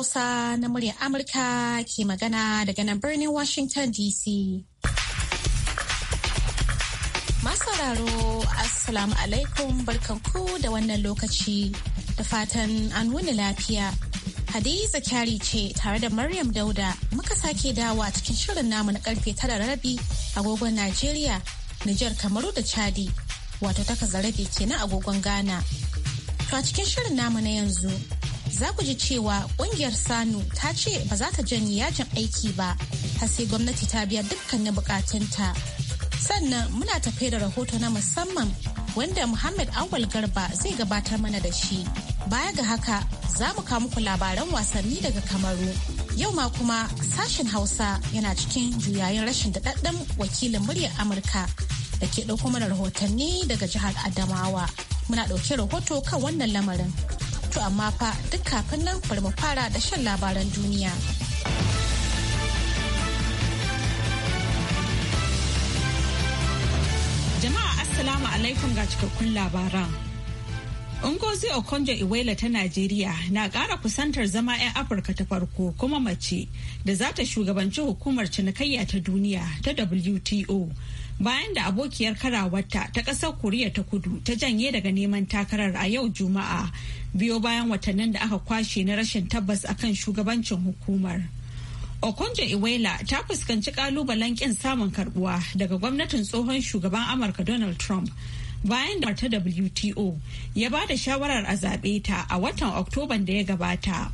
Hausa na muryar Amurka ke magana daga nan birnin Washington DC. Masauraro Assalamu alaikum barkanku da wannan lokaci da fatan an wuni lafiya. Hadiza kyari ce tare da Maryam Dauda muka sake dawa cikin shirin namu na karfe tara rabi agogon Najeriya, Nijar Kamaru da Chadi wato takwas ke kenan agogon Ghana. To a cikin shirin namu na yanzu za ku ji cewa kungiyar Sanu ta ce ba za ta janye yajin aiki ba, har sai gwamnati ta biya dukkanin bukatunta. Sannan muna tafe da rahoto na musamman wanda Muhammad Awal Garba zai gabatar mana da shi. Baya ga haka za mu kawo muku labaran wasanni daga Kamaru. Yau ma kuma sashen Hausa yana cikin juyayin rashin daɗaɗɗen wakilin muryar Amurka da ke ɗauko mana rahotanni daga jihar Adamawa. Muna ɗauke rahoto kan wannan lamarin. To amma fa duk kafin nan bari mu fara da shan labaran duniya. Jama'a Assalamu alaikum ga cikakkun labaran. Ungozi Okonjo Iweala ta Najeriya na ƙara kusantar zama 'yan Afirka ta farko kuma mace da za ta shugabanci hukumar cinikayya ta duniya ta WTO bayan da abokiyar karawarta ta ƙasar koriya ta kudu ta janye daga neman takarar a yau juma'a biyo bayan watannin da aka kwashe na rashin tabbas akan shugabancin hukumar okonjo Iwela ta fuskanci kalubalen kin samun karbuwa daga gwamnatin tsohon shugaban amurka donald trump bayan da ta wto ya ba da shawarar a zaɓe ta a watan oktoban da ya gabata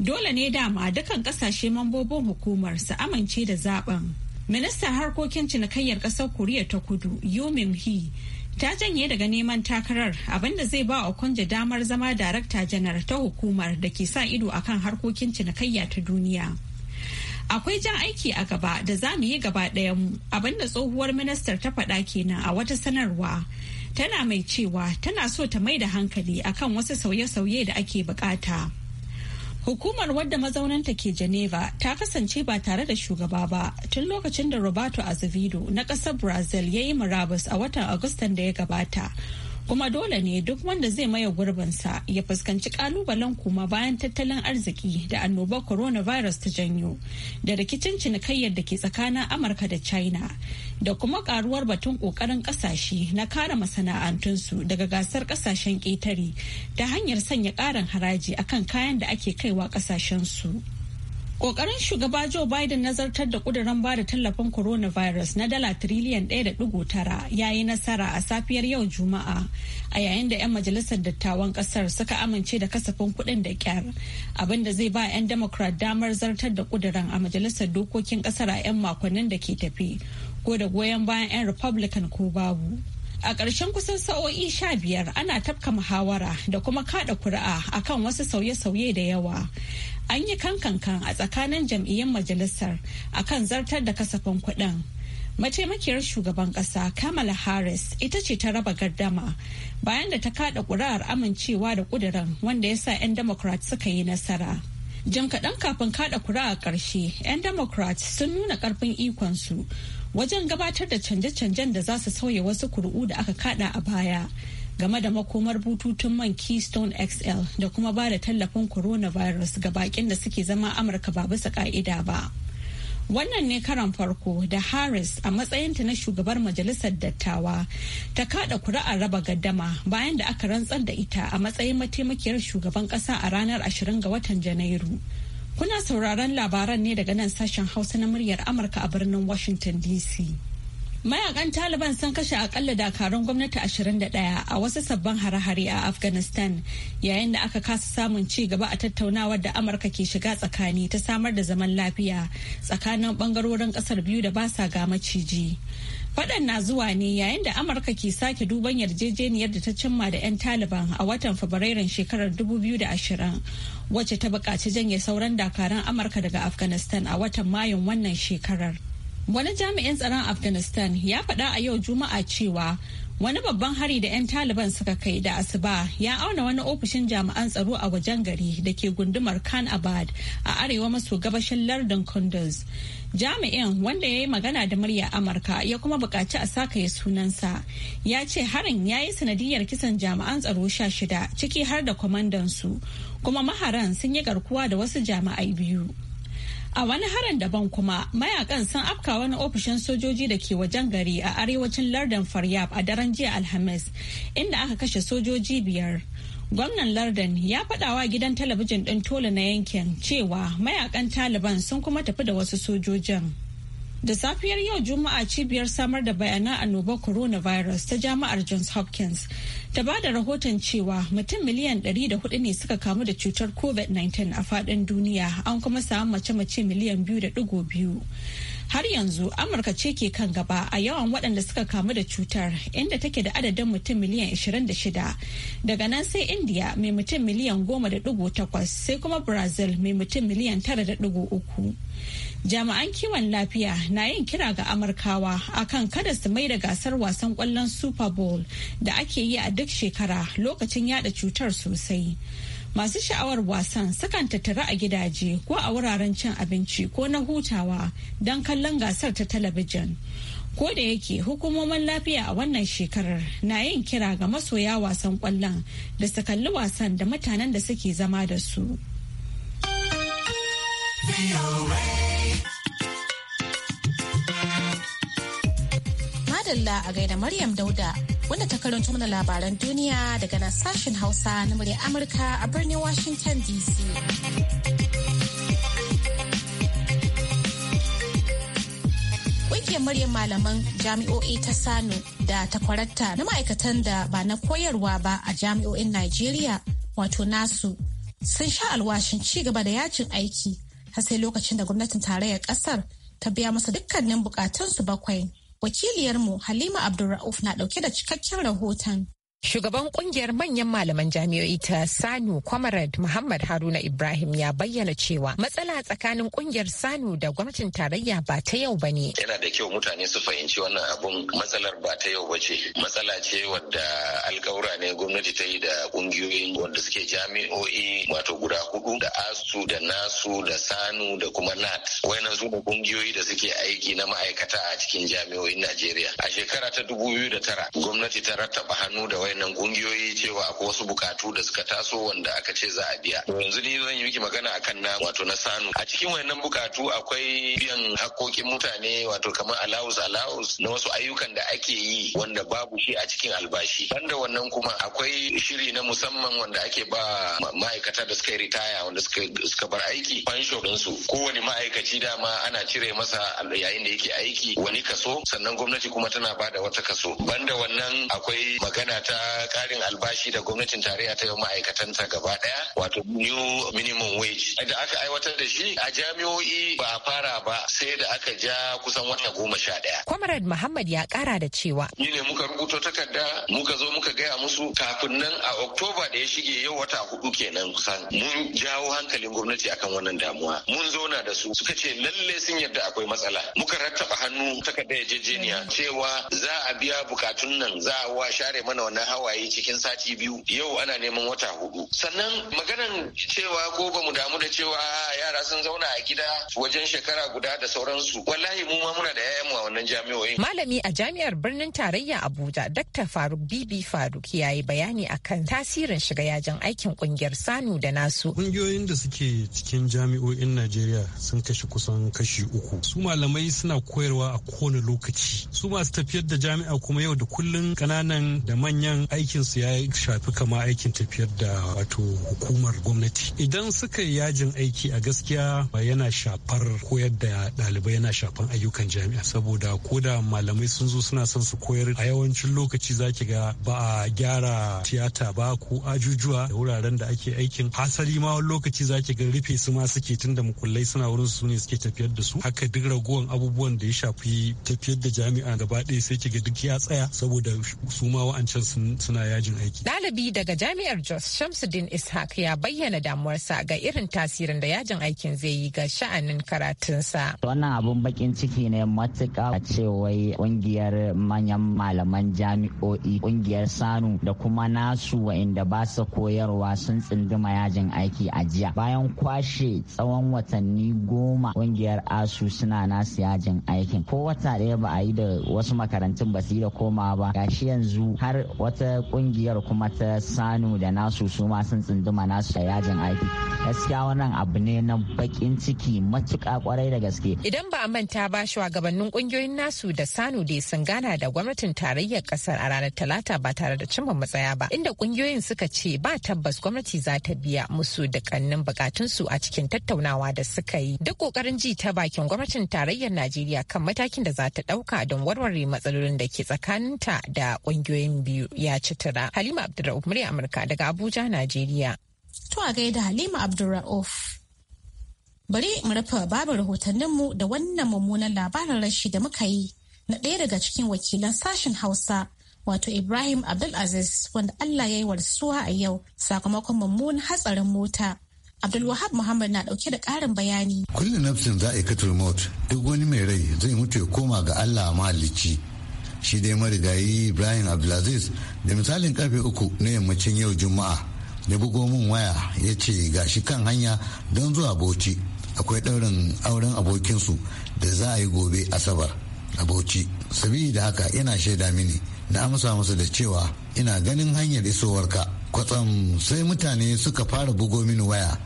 dole ne dama dukan kasashe mambobin hukumar su amince da zaben Ministan harkokin cinikayyar ƙasar Koriya ta kudu Yumin Hee ta janye daga neman takarar abinda zai ba Okonjo damar zama darakta janar ta hukumar da ke sa ido akan harkokin cinikayya ta duniya. Akwai jan aiki a gaba da za mu yi gaba ɗaya mu abinda tsohuwar ministar ta faɗa kenan a wata sanarwa. Tana mai cewa tana so ta mai da hankali akan wasu sauye-sauye da ake bukata. Hukumar wadda mazaunanta ke Geneva ta kasance ba tare da shugaba ba tun lokacin da Roberto Azevedo na ƙasar Brazil ya yi murabus a watan Agustan da ya gabata. kuma dole ne duk wanda zai maye gurbinsa ya fuskanci kalubalen kuma bayan tattalin arziki da annobar coronavirus ta janyo da rikicin cinikayyar da ke tsakanin amurka da china da kuma karuwar batun kokarin kasashe na kare masana'antunsu daga gasar kasashen ƙetare ta hanyar sanya ƙarin haraji akan kayan da ake kaiwa kasashensu Ƙoƙarin shugaba Joe Biden zartar da ba bada tallafin coronavirus na dala tiriliyan 1.9 ya yi nasara a safiyar yau Juma'a a yayin da 'yan majalisar dattawan kasar suka amince da kasafin kuɗin da kyar abinda zai ba 'yan Democrat damar zartar da ƙuduran a majalisar dokokin kasar a 'yan makonnin da ke tafi ko da goyon bayan 'yan Republican ko babu. a ƙarshen kusan sa'o'i sha biyar ana tafka muhawara da kuma kaɗa kuri'a akan wasu sauye-sauye da yawa an yi kankankan a tsakanin jam'iyyar majalisar a kan zartar da kasafin kuɗin. mataimakiyar shugaban kasa kamala harris ita ce ta raba gardama bayan da ta kada ƙuri'ar amincewa da ƙudiran, wanda ya sa 'yan Democrats suka yi nasara jim kaɗan kafin kada a ƙarshe 'yan Democrats sun nuna ƙarfin ikonsu wajen gabatar da canje-canjen da za su sauya wasu kuru'u da aka kada a baya game da makomar bututun man keystone xl da kuma ba da tallafin coronavirus ga bakin da suke zama amurka ba bisa ka'ida ba wannan ne karan farko da harris a matsayinta na shugabar majalisar dattawa ta kada kuri'ar raba gaddama bayan da aka rantsar da ita a matsayin mataimakiyar shugaban kasa a ranar 20 ga watan janairu kuna sauraron labaran ne daga nan sashen hausa na muryar amurka a birnin washington dc Mayakan Taliban sun kashe akalla dakarun gwamnati 21 a wasu sabbin hare-hare a Afghanistan yayin da aka kasa samun ci gaba a tattaunawar da Amurka ke shiga tsakani ta samar da zaman lafiya tsakanin bangarorin kasar biyu da ba sa ga maciji. Faɗan na zuwa ne yayin da Amurka ke sake duban yarjejeniyar da ta cimma da 'yan Taliban a watan Fabrairun shekarar 2020 wacce ta buƙaci janye sauran dakarun Amurka daga Afghanistan a watan Mayun wannan shekarar. Wani jami'in tsaron Afghanistan ya faɗa a yau Juma'a cewa wani babban hari da 'yan Taliban suka kai da asuba ya auna wani ofishin jami'an tsaro a wajen gari da ke gundumar Khan Abad a arewa maso gabashin lardin Kunduz. Jami'in wanda ya yi magana da murya Amurka ya kuma buƙaci a saka ya sunansa ya ce harin ya yi sanadiyar kisan jami'an tsaro sha shida ciki har da kwamandansu kuma maharan sun yi garkuwa da wasu jami'ai biyu. A wani harin daban kuma mayakan sun afka wani ofishin sojoji da ke wajen gari a arewacin lardin Faryab a daren jiya Alhamis inda aka kashe sojoji biyar. Gwamnan lardin ya faɗawa gidan talabijin ɗin Tola na yankin cewa mayakan Taliban sun kuma tafi da wasu sojojin. Da safiyar yau Juma'a cibiyar samar da bayana bayanan annobar coronavirus ta jami'ar Johns Hopkins ta ba da rahoton cewa mutum miliyan 104 ne suka kamu da cutar COVID-19 a faɗin duniya an kuma samu mace-mace miliyan 2.2. har yanzu amurka ce ke kan gaba a yawan waɗanda suka kamu da cutar inda take da adadin mutum miliyan 26 daga nan sai india mai mutum miliyan 10.8 sai kuma brazil mai mutum miliyan 9.3 jami'an kiwon lafiya na yin kira ga amurkawa akan kada su mai da gasar wasan kwallon super bowl da ake yi a duk shekara lokacin yada cutar sosai masu sha'awar wasan sukan tattara a gidaje ko a wuraren cin abinci ko na hutawa don kallon gasar ta talabijin ko da yake hukumomin lafiya a wannan shekarar na yin kira ga masoya wasan kwallon da su kalli wasan da mutanen da suke zama da su madalla a gaida maryam dauda wanda ta karanto mana labaran duniya daga nan sashen Hausa na murya Amurka a birnin Washington DC. Ƙungiyar muryar malaman jami'o'i ta sanu da takwarata na ma'aikatan da ba na koyarwa ba a jami'o'in Najeriya wato nasu sun sha alwashin ci gaba da yajin aiki har lokacin da gwamnatin tarayyar kasar ta biya masa dukkanin bukatunsu bakwai. Wakiliyarmu Halima Abdulra'uf na dauke da cikakken rahoton. Shugaban kungiyar manyan malaman jami'o'i ta Sanu Kwamarad Muhammad Haruna Ibrahim ya bayyana cewa matsala tsakanin kungiyar Sanu da gwamnatin tarayya ba ta yau ba ne. Yana da kyau mutane su fahimci wannan abun matsalar ba ta yau ba ce. Matsala ce wadda alkawura ne gwamnati ta yi da kungiyoyin wanda suke jami'o'i wato guda hudu da ASU da NASU da Sanu da kuma NAT. Wayannan su kungiyoyi da suke aiki na ma'aikata a cikin jami'o'in Najeriya. A shekara ta dubu biyu da tara, gwamnati ta rattaba hannu da wai. wayannan kungiyoyi cewa akwai wasu bukatu da suka taso wanda aka ce za a biya yanzu ni zan yi miki magana akan na wato na sanu a cikin wayannan bukatu akwai biyan hakokin mutane wato kamar allowance allowance na wasu ayyukan da ake yi wanda babu shi a cikin albashi banda wannan kuma akwai shiri na musamman wanda ake ba ma'aikata da suka yi ritaya wanda suka bar aiki fansho su kowane ma'aikaci dama ana cire masa yayin da yake aiki wani kaso sannan gwamnati kuma tana bada wata kaso banda wannan akwai magana ta karin albashi da gwamnatin tarayya ta yi ma'aikatanta gaba daya wato new minimum wage da aka aiwatar da shi a jami'o'i ba a fara ba sai da aka ja kusan wata goma sha daya. Comrade Muhammad ya kara da cewa. Ni ne muka rubuto takarda muka zo muka gaya musu kafin nan a Oktoba da ya shige yau wata hudu kenan kusan mun jawo hankalin gwamnati akan wannan damuwa mun zauna da su suka ce lalle sun yarda akwai matsala muka rattaba hannu takarda yarjejeniya cewa za a biya bukatun nan za a wa share mana wannan hawaye cikin sati biyu yau ana neman wata hudu sannan maganan cewa ko ba mu damu da cewa yara sun zauna a gida wajen shekara guda da sauransu wallahi mu ma muna da yayan a wannan jami'o'in malami a jami'ar birnin tarayya abuja dr faruk bibi faruk ya yi bayani akan tasirin shiga yajin aikin kungiyar sanu da nasu kungiyoyin da suke cikin jami'o'in najeriya sun kashe kusan kashi uku su malamai suna koyarwa a kowane lokaci su masu tafiyar da jami'a kuma yau da kullun kananan da manyan aikin su ya shafi kama aikin tafiyar da wato hukumar gwamnati idan suka yi yajin aiki a gaskiya ba yana shafar koyar da ɗalibai yana shafan ayyukan jami'a saboda ko da malamai sun zo suna son su koyar a yawancin lokaci zaki ga ba a gyara tiyata ba ko ajujuwa da wuraren da ake aikin hasali ma wani lokaci zaki ga rufe su ma suke tun da mukullai suna wurin su ne suke tafiyar da su haka duk ragowan abubuwan da ya shafi tafiyar da jami'a gaba ɗaya sai ki ga duk ya tsaya saboda su ma wa'ancan sun suna yajin aiki. Ɗalibi daga Jami'ar Jos Shamsuddin Ishaq ya bayyana damuwarsa ga irin tasirin da yajin aikin zai yi ga sha'anin karatunsa. Wannan abun bakin ciki ne matuƙa ce wai ƙungiyar manyan malaman jami'o'i ƙungiyar Sanu da kuma nasu wa'inda ba su koyarwa sun tsinduma yajin aiki a jiya. Bayan kwashe tsawon watanni goma ƙungiyar ASU suna nasu yajin aikin. Ko wata ɗaya ba a yi da wasu makarantun ba su yi da komawa ba. Gashi yanzu har wata kungiyar kuma ta sanu da nasu su ma sun tsunduma nasu da yajin aiki gaskiya wannan abu ne na bakin ciki matuƙa kwarai da gaske idan ba a manta ba shugabannin kungiyoyin nasu da sanu da sun gana da gwamnatin tarayyar kasar a ranar talata ba tare da cimma matsaya ba inda kungiyoyin suka ce ba tabbas gwamnati za ta biya musu da kannin bukatunsu a cikin tattaunawa da suka yi duk kokarin ji ta bakin gwamnatin tarayyar najeriya kan matakin da za ta dauka don warware matsalolin da ke tsakaninta da kungiyoyin biyu ya ci tura. Halima murya Amurka daga Abuja, Najeriya. To a gaida Halima Abdulra'uf. Bari mu rufe babu rahotanninmu da wannan mummunan labarin rashi da muka yi na ɗaya daga cikin wakilan sashen Hausa wato Ibrahim Abdulaziz wanda Allah ya yi warsuwa a yau sakamakon mummunan hatsarin mota. Abdulwahab Muhammad na dauke da ƙarin bayani. Kullum nafsin za a katul maut duk wani mai rai zai mutu ya koma ga Allah mahalicci shi dai marigayi ibrahim abdulaziz da misalin karfe uku na yammacin yau juma'a da bugo min waya ya ce ga shi kan hanya don zuwa bauchi akwai ɗaurin auren abokinsu da za a yi gobe asabar a bauchi sabili da haka yana shaida mini na amsa masa da cewa ina ganin hanyar isowarka kwatsam sai mutane suka fara bugo mini waya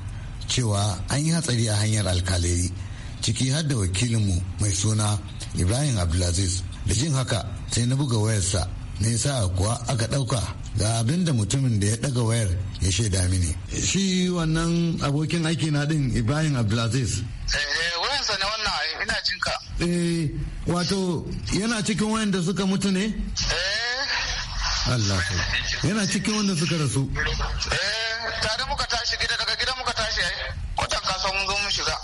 cewa an yi hatsari a hanyar alkaleri ciki har da wakilinmu mai suna ibrahim abdulaziz da jin haka sai na buga wayarsa na sa kuwa aka ɗauka ga abin da mutumin da ya ɗaga wayar ya shaida mini. shi wannan abokin aiki na ɗin ibrahim abdulaziz. Eh, wayansa ne wannan ina jin ka. Eh, wato yana cikin da suka mutu ne? Eh. Allah yana cikin wanda suka rasu. eh tare muka tashi gida daga gida muka tashi ai kwatan kasuwa mun zo mun shiga.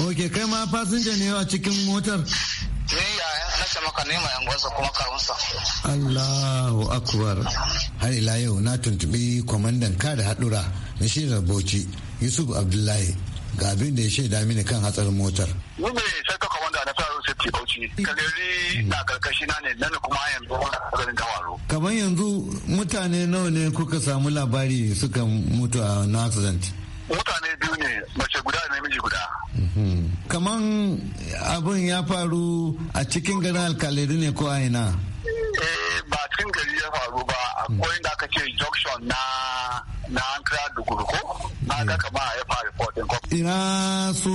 ok kai ma fasinja ne a cikin motar? maka nema yan gwansa kuma kawunsa. Allahu Akbar. Har ila yau na tuntubi kwamandan kada haɗura na shirar Bauchi Yusuf Abdullahi ga abin da ya shaida mini kan hatsarin motar. Ni ne sai ka kwamanda na sai safety Bauchi. Kaleri na karkashi na ne nan kuma yanzu wani gawaro. Kamar yanzu mutane nawa ne kuka samu labari suka mutu a na accident? Mutane biyu ne mace guda da namiji guda. kaman abin ya faru a cikin garin alkalari ne ko aina eh, ba cikin gari ya faru ba akwai da aka ce junction na na ankara duguru ko na ga hmm. kama ya faru fotin ko ina su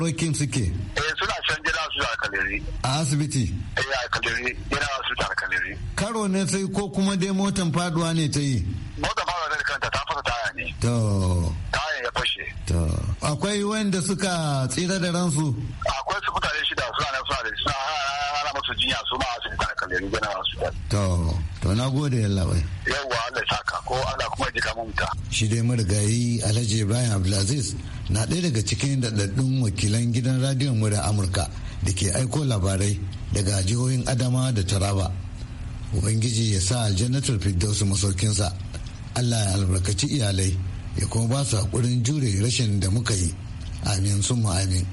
rokin suke eh suna can gida su da alkalari a asibiti eh alkalari ina su da alkalari karo ne sai ko kuma dai motan faduwa ne ta yi motan faduwa ne kanta ta fasa taya ne to ta ya fashe. Akwai wanda suka tsira da ransu? Akwai su mutane shida su nan su da suna hana masu jinya su ma su mutane kan da rigana masu To, to na gode yalla bai. Yawwa Allah saka ko Allah kuma jika mun ta. Shi dai marigayi Alhaji Ibrahim Abdulaziz na ɗaya daga cikin daɗaɗɗun wakilan gidan radiyon murar Amurka da ke aiko labarai daga jihohin Adama da Taraba. Ubangiji ya sa aljannatul firdausu masaukinsa. Allah ya albarkaci iyalai ya kuma ba su haƙurin jure rashin da muka yi amin sun amin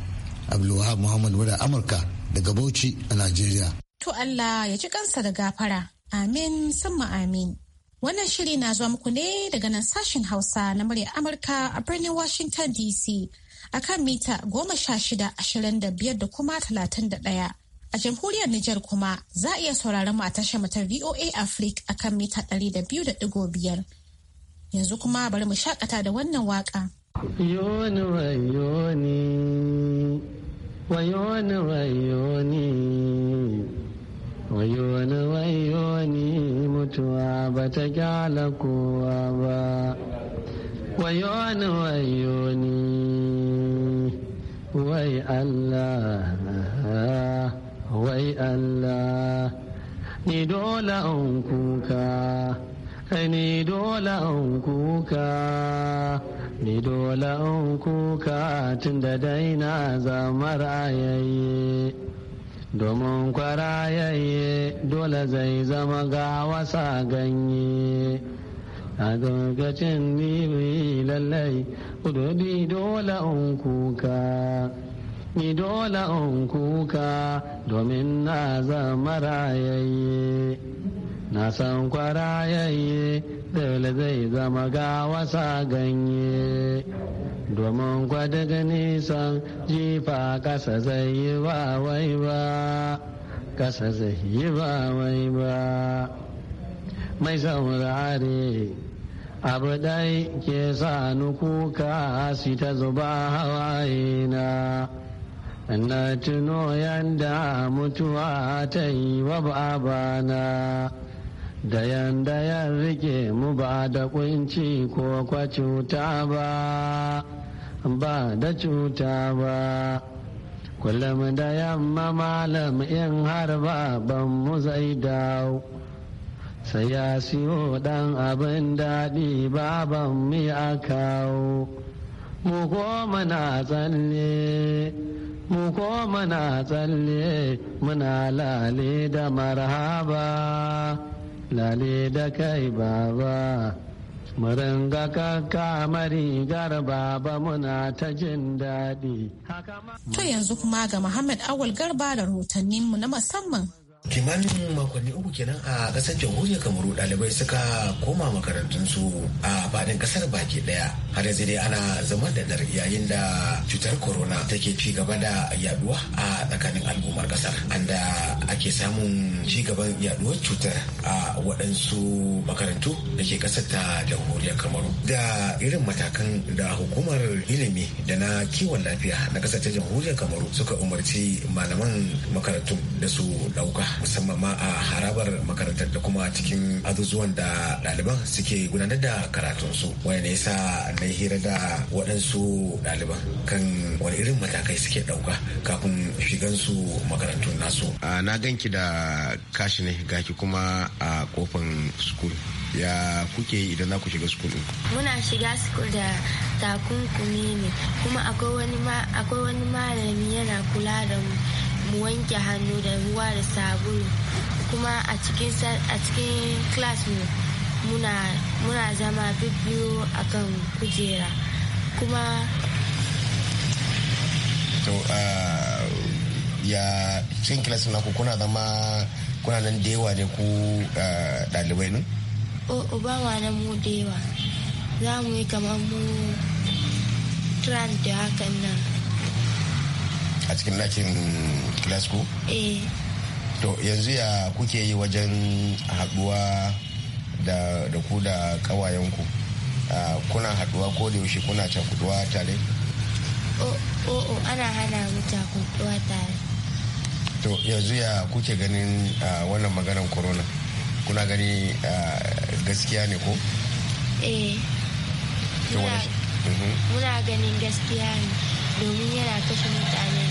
abdulwahab muhammad wadda amurka daga bauchi a najeriya to allah ya ci kansa da gafara amin sun amin wannan shiri na zuwa muku ne daga nan sashen hausa na murya amurka a birnin washington dc a kan mita goma sha shida ashirin da biyar da kuma talatin da ɗaya A jamhuriyar Nijar kuma za a iya sauraron mu a tashar mu VOA Africa a kan mita ɗari da biyu da ɗigo biyar. Yanzu kuma bari mu shakata da wannan waka. Yoni wayoni, wayoni wayoni, wayoni wayoni mutuwa bata kyala kowa ba. Wayoni wayoni, wai Allah, wai Allah, ni dole an kuka. ni dole an kuka ni dole an tun da daina zamar ayayye domin kwarayayye dole zai zama ga wasa ganye a gargacin nibi lallai kudodi dole an kuka ni dole an kuka domin na zama rayayye na san kwarayayye dole zai zama ga wasa ganye domin kwada nisan jifa kasa zai yi ba wai ba kasa zai yi ba wai ba mai saurari abu dai ke sa kuka si ta zuba hawaye na na tuno yadda mutuwa ta yi wa babana. da yanda ya rike mu ba da kunci ko kwa cuta ba ba da cuta ba kullum da yamma malam in har ba ban mu zai dawo sai ya siyo dan abin daɗi baban mi a kawo mu ko na tsalle mu ko na tsalle muna lale da marhaba lale da kai baba Muringa kakamari garba ba muna ta jin daɗi. To yanzu kuma ga Muhammad Awal Garba da rahotanninmu na musamman kimanin makonni uku kenan a kasar jamhuriyar kamaru dalibai suka koma makarantunsu a faɗin kasar baki ɗaya har yanzu dai ana zama da dar yayin da cutar corona take ci gaba da yaduwa a tsakanin al'ummar kasar anda ake samun ci gaban yaduwar cutar a waɗansu makarantu da ke kasar ta jamhuriyar kamaru da irin matakan da hukumar ilimi da na kiwon lafiya na kasar ta jamhuriyar kamaru suka umarci malaman makarantun da su ɗauka musamman ma a harabar makarantar da kuma cikin azuzuwan da ɗaliban suke gudanar da karatunsu wani ne yasa na hira da waɗansu ɗaliban kan wani irin matakai suke ɗauka kafin shigansu makarantu nasu. na ganki da kashi ne gaki kuma a kofan school ya kuke yi idan za ku shiga sukul muna shiga school da takunkumi ne kuma akwai wani malami yana kula da mu mu wanke hannu da ruwa da sabulu kuma a cikin class mu muna zama bibbiyo kan kujera kuma ya cikin class ku kuna zama kuna nan da yawa ne ku dalibai ne? o ba ma na mu da yawa za mu yi kamar mu tran da hakan nan a cikin ɗakin glasgow eh. to yanzu ya kuke yi wajen haɗuwa da ku da ƙawayenku kuna haɗuwa ko da yaushe kuna cakuduwa tare o'o ana hana mu cakuduwa tare to yanzu ya kuke ganin wannan maganar corona kuna gani gaskiya ne ko eh mhm. muna ganin gaskiya ne domin yana kashe mutane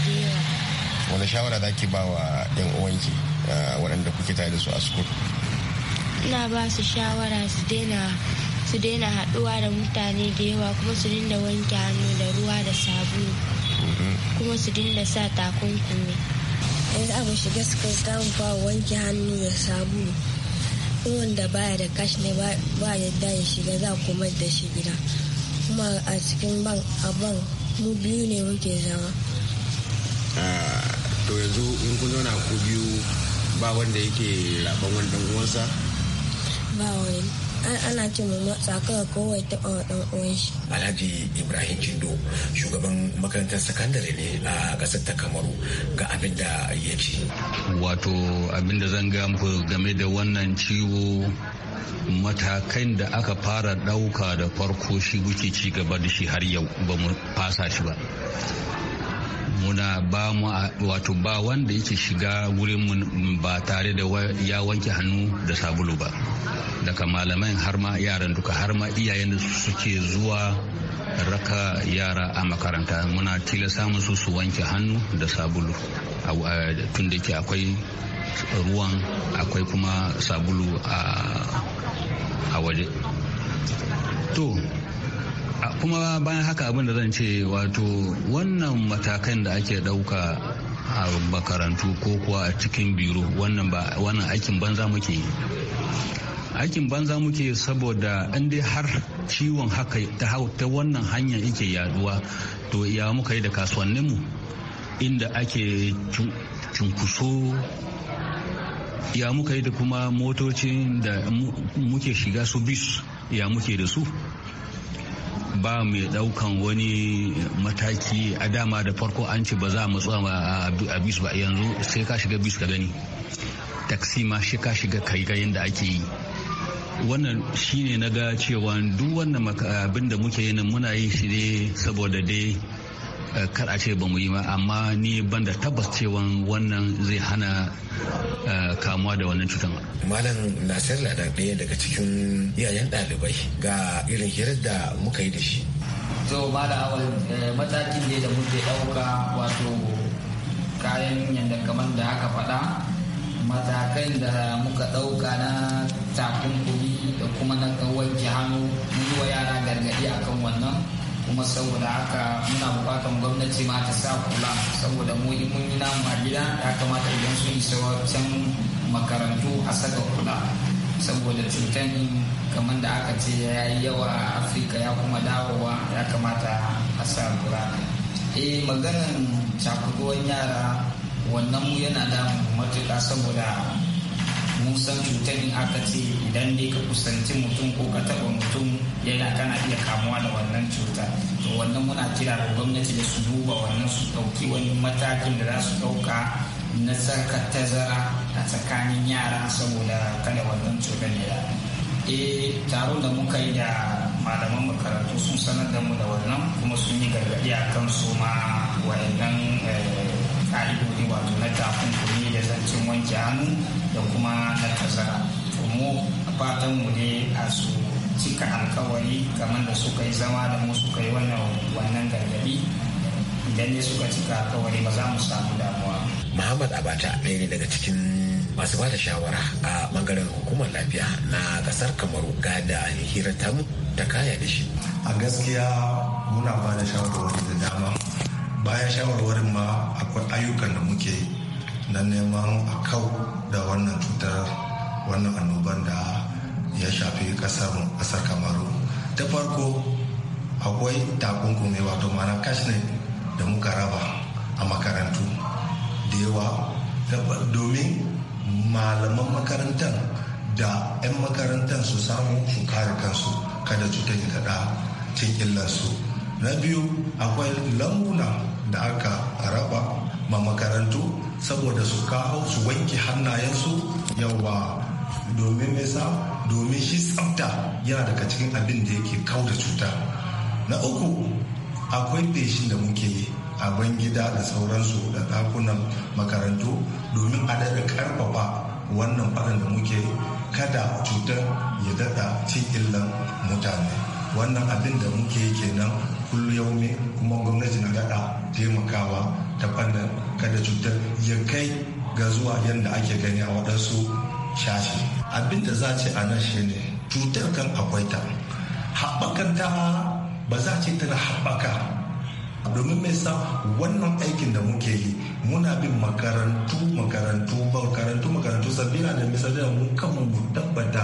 wani shawara da bawa bawa 'yan uwanki waɗanda kuke tare da su a sukuru ina ba su shawara su daina su daina haɗuwa da mutane da yawa kuma su dinda wanke hannu da ruwa da sabulu mm-hmm. kuma su dinda sa takunkumi in za mu shiga suka samu ba wanke hannu da sabulu wanda baya da kashi ne ba yadda ya shiga za mai da shi gida kuma a cikin ban a ban mu biyu ne muke zama ah, to yanzu in kun zauna ku biyu ba wanda yake raban wani dan uwansa ba wani ana ce mu matsa kawai kowai taɓa wa ɗan uwan shi. Alhaji Ibrahim Jindo shugaban makarantar sakandare ne a ƙasar ta Kamaru ga abin da ya ce. Wato abin da zan gaya muku game da wannan ciwo matakan da aka fara ɗauka da farko shi muke ci gaba da shi har yau ba mu fasa shi ba. muna ba mu wato ba wanda yake shiga wurin mu ba tare da ya wanke hannu da sabulu ba daga malamai har ma yaran duka har ma iyayen da suke zuwa raka yara a makaranta muna tilasta musu su wanke hannu da sabulu tun da ke akwai ruwan akwai kuma sabulu a waje to kuma bayan haka abin da zan ce wato wannan matakan da ake ɗauka a makarantu ko kuwa a cikin biro wannan ba aikin banza muke yi aikin banza muke saboda in har ciwon haka ta ta wannan hanyar yake yaduwa to ya muka yi da kasuwanninmu inda ake cunkuso ya muka yi da kuma motocin da muke shiga su bis ya muke da su ba mai daukan wani mataki a dama da farko an ce ba za mu tsama a bis ba yanzu sai ka shiga bis ka gani taxi ma shi ka shiga kai ga yadda ake yi wannan shine na ga cewa duk wannan abin da muke yi nan muna yi shi ne saboda dai Eh, kar a ce ba mu yi ma amma ni ban da tabbas cewa wannan zai hana eh, kamuwa da wannan cutar malam nasir ladan ɗaya daga cikin yayan ɗalibai ga irin hirar da muka yi da shi to malam awal eh, matakin ne da muke ɗauka wato kayan yadda kamar da aka faɗa matakan da muka ɗauka na takunkumi da kuma na wanke hannu mun yi wa yara gargaɗi akan wannan kuma saboda haka muna bukatan gwamnati ma ta sa kula saboda mu in mun yi namu a gida ya kamata idan sun isa can makarantu a saka kula saboda cutan kamar da aka ce ya yi yawa a afirka ya kuma dawowa ya kamata a sa kula eh maganan cakuduwan yara wannan mu yana damu matuƙa saboda musan cutar in aka ce idan dai ka kusanci mutum ko ka taba mutum yana kana iya kamuwa da wannan cuta to wannan muna kira da gwamnati da su duba wannan su ɗauki wani matakin da za su ɗauka na tsarka tazara a tsakanin yara saboda kada wannan cutar ya e taron da muka yi da malaman makarantu sun sanar da mu da wannan kuma sun yi gargaɗi a kan su ma wa'annan eh, ƙa'idodi wato na kafin kuɗi da zancen wanke hannu da nasara mu fatan mu ne a su cika alkawari kamar da suka yi zama da mu suka yi wannan gargadi idan ne suka cika alkawari ba za mu samu damuwa muhammad abata ɗaya ne daga cikin masu ba da shawara a bangaren hukumar lafiya na kasar kamaru ga da hirar tamu ta kaya da shi a gaskiya muna ba da shawarwari da dama bayan shawarwarin ma akwai ayyukan da muke na neman a kau da wannan cutar wannan annoban da ya shafi kasar kamaru ta farko akwai takunkumi wato mana kashne da muka raba a makarantu da yawa domin malaman makarantar da 'yan makarantar su samu su kare kansu kada cutar ta kada cin illarsu na biyu akwai lambuna da aka raba ma makarantu saboda su kawo su wanke hannayensu yawa domin nisa domin shi tsafta yana daga cikin abin da yake kauda cuta na uku akwai feshin da muke yi a bangida gida da sauransu da ɗakunan makarantu domin a daɗa ƙarfafa wannan faɗin da muke kada cutar ya daɗa cin illan mutane wannan abin da muke yi kenan kullum ne kuma gwamnati na daɗa taimakawa ta fannin kada cutar ya kai ga zuwa yadda ake gani a waɗansu shashi abin za ce a nan shi ne cutar kan akwai ta haɓakan ta ba za ce tana haɓaka domin mai sa wannan aikin da muke yi muna bin makarantu makarantu makarantu makarantu sabbin da misali da mun kan mu tabbata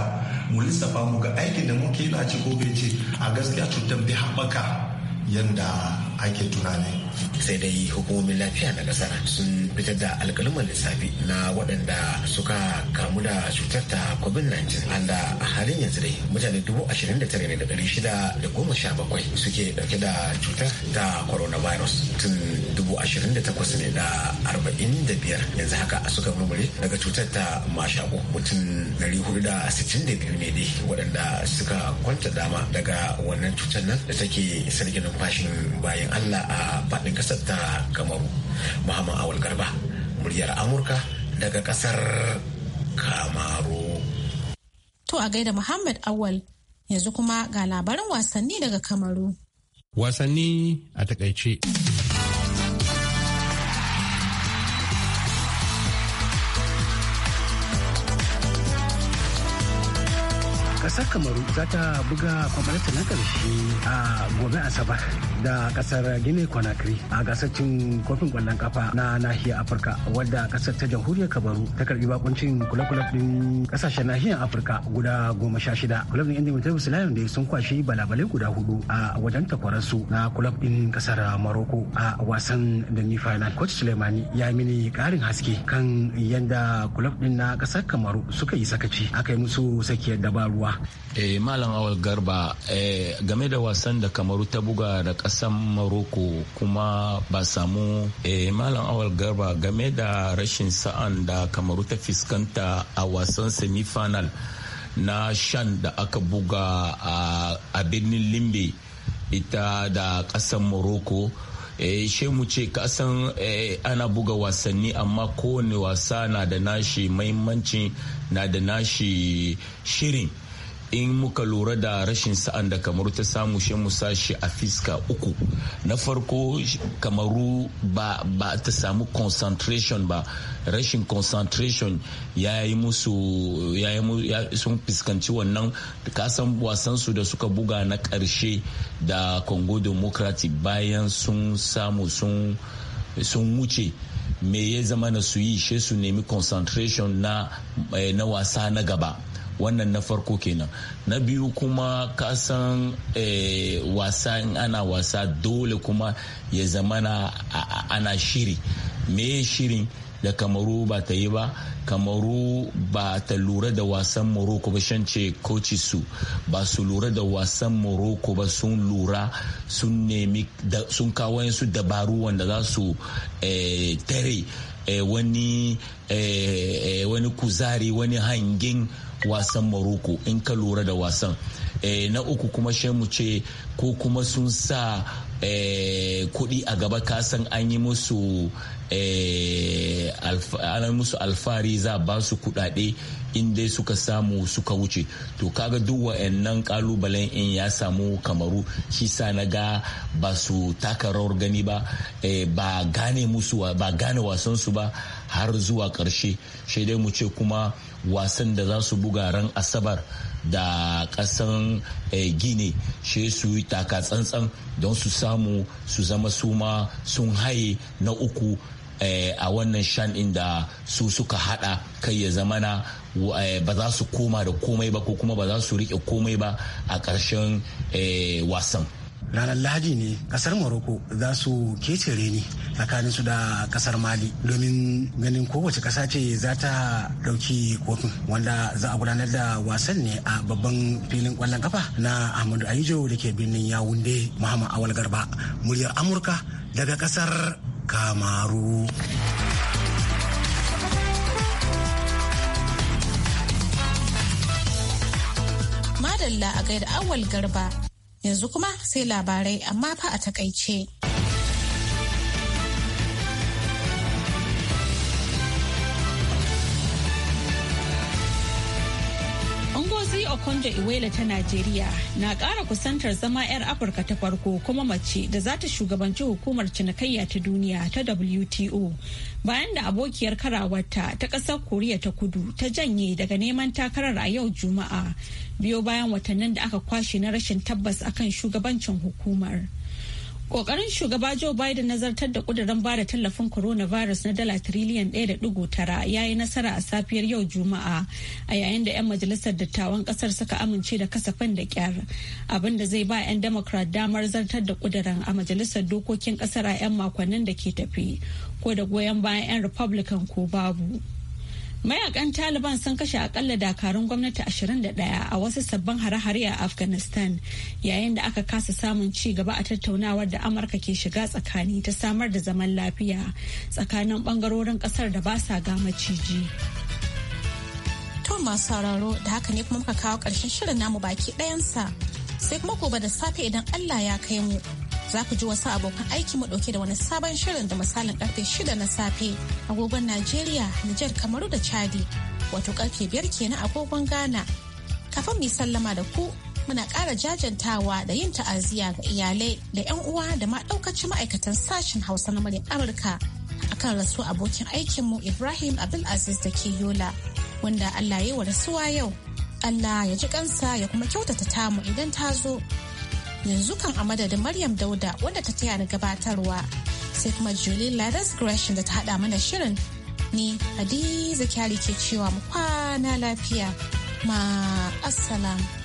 mu lissafa mu ga aikin da muke yi na ci ko bai ce a gaskiya cutar bai haɓaka yanda ake tunani. sai dai hukumomin lafiya na kasar sun fitar da alkalman lissafi na waɗanda suka kamu da cutar ta covid-19 anda a halin yanzu dai mutane dubu ashirin da tare da ɗari shida da goma sha bakwai suke ɗauke da cutar ta coronavirus tun dubu ashirin da takwas ne da arba'in da biyar yanzu haka suka murmure daga cutar ta mashaƙo mutum dari hudu da sittin da biyu ne dai waɗanda suka kwanta dama daga wannan cutar nan da take sarkin numfashin bayan allah a faɗin ƙasar ta kamaru muhammad awal garba muryar amurka daga ƙasar kamaru to a gaida muhammad awal yanzu kuma ga labarin wasanni daga kamaru wasanni a takaice. kasar kamaru za ta buga kwamfanta na karshe a gobe asabar da kasar guinea conakry a gasar kofin kwallon kafa na nahiyar afirka wadda kasar ta jamhuriyar kamaru ta karbi bakuncin kula-kula din kasashen nahiyar afirka guda goma sha shida kulab din indian mutabus lion da sun kwashi balabalai guda hudu a wajen takwararsu na kulab din kasar maroko a wasan da ni final coach suleimani ya mini karin haske kan yadda kulab din na kasar kamaru suka yi sakaci aka yi musu sakiyar dabaruwa eh, malam awal garba eh, game da wasan da kamaru ta buga da kasan maroko kuma ba samu eh, malam awal garba game da rashin sa'an da kamaru ta fiskanta a wasan semifinal na shan da aka buga a, a birnin limbe ita da kasan maroko eh, she mu ce kasan eh, ana buga wasanni amma kowane wasa na da nashi mahimmanci na da nashi shirin in muka lura da rashin sa'an da kamaru ta samu shi musa shi a fiska uku na farko kamaru ba, ba ta samu concentration ba rashin concentration ya yi musu ya yi sun fuskanci wannan kasan wasansu da suka buga na ƙarshe da congo democratic bayan sun samu sun wuce me ya zama na su yi she su nemi concentration na eh, wasa na gaba wannan na farko kenan na biyu kuma ka san eh, wasa in ana wasa dole kuma ya zamana ana shiri me shirin da kamaru ba ta yi ba kamaru ba ta lura da wasan morocco ba shan ce su ba su lura da wasan morocco ba sun lura sun nemi sun kawo su dabaru wanda za su eh, tare Eh, wani eh, eh, wani kuzari wani hangin wasan maroko in ka lura da wasan na uku kuma mu ce ko kuma sun sa Eh, kuɗi a gaba kasan an yi musu eh, an musu alfari za ba su kuɗaɗe in dai suka samu suka wuce to kaga duk wa'annan kalubalen in ya samu kamaru shi sa na ga ba su taka rawar gani ba eh, ba gane musu ba gane wasansu ba har zuwa ƙarshe shaidai mu ce kuma wasan da za su buga ran asabar da kasan eh, gine shi su yi taka tsantsan don su samu su zama suma sun haye na uku eh, a wannan shan inda su suka hada kai ya zamana eh, ba za su koma da komai ba ko kuma ba za su rike komai ba a ƙarshen wasan ranar lahadi ne kasar morocco za su kece reni tsakanin su da kasar mali domin ganin kowace kasa ce za ta dauki kofin wanda za a gudanar da wasan ne a babban filin kwallon kafa na ahmadu aijo da ke birnin yawunde muhammad awal garba muryar amurka daga kasar kamaru madalla a gaida awal garba yanzu kuma sai labarai amma fa a takaice. Soja Iwela ta Najeriya na ƙara kusantar zama 'yar Afirka ta farko kuma mace da za ta shugabanci hukumar cinikayya ta duniya ta WTO bayan da abokiyar karawarta ta ƙasar Koriya ta kudu ta janye daga neman takarar a yau Juma'a biyo bayan watannin da aka kwashe na rashin tabbas akan shugabancin hukumar. Kokarin shugaba Joe Biden na zartar da kudirin da tallafin coronavirus na dala tiriliyan 1.9 ya yi nasara a safiyar yau Juma'a a yayin da 'yan majalisar dattawan kasar suka amince da kasafin da kyar abin da zai ba 'yan Democrat damar zartar da kudirin a majalisar dokokin kasar a 'yan makonnin da ke tafi ko da goyon bayan 'yan Republican ko babu. mayakan taliban sun kashe akalla dakarun gwamnati 21 a wasu sabbin hare-hare a afghanistan yayin da aka kasa samun ci gaba a tattaunawar da amurka ke shiga tsakani ta samar da zaman lafiya tsakanin bangarorin kasar da ba sa gama ciji. to masu sauraro da haka ne kuma muka kawo karshen shirin namu baki ɗayansa sai kuma gobe da safe idan allah ya kai mu za ku ji wasu abokan aiki mu dauke da wani sabon shirin da misalin karfe shida na safe agogon Najeriya, Nijar, Kamaru da Chadi, wato karfe biyar kenan agogon Ghana. Kafin mu sallama da ku muna ƙara jajantawa da yin ta'aziyya ga iyalai da 'yan uwa da ma ɗaukacin ma'aikatan sashen Hausa na muryar Amurka akan rasu abokin aikinmu Ibrahim aziz da ke Yola wanda Allah ya yi wa rasuwa yau. Allah ya ji kansa ya kuma kyautata tamu idan ta zo. yanzu kan a madadin Maryam Dauda wanda ta taya ni gabatarwa sai kuma Julie Ladas Gresham da ta haɗa mana shirin ni Hadiza Kyari ke cewa mu kwana lafiya ma assalamu.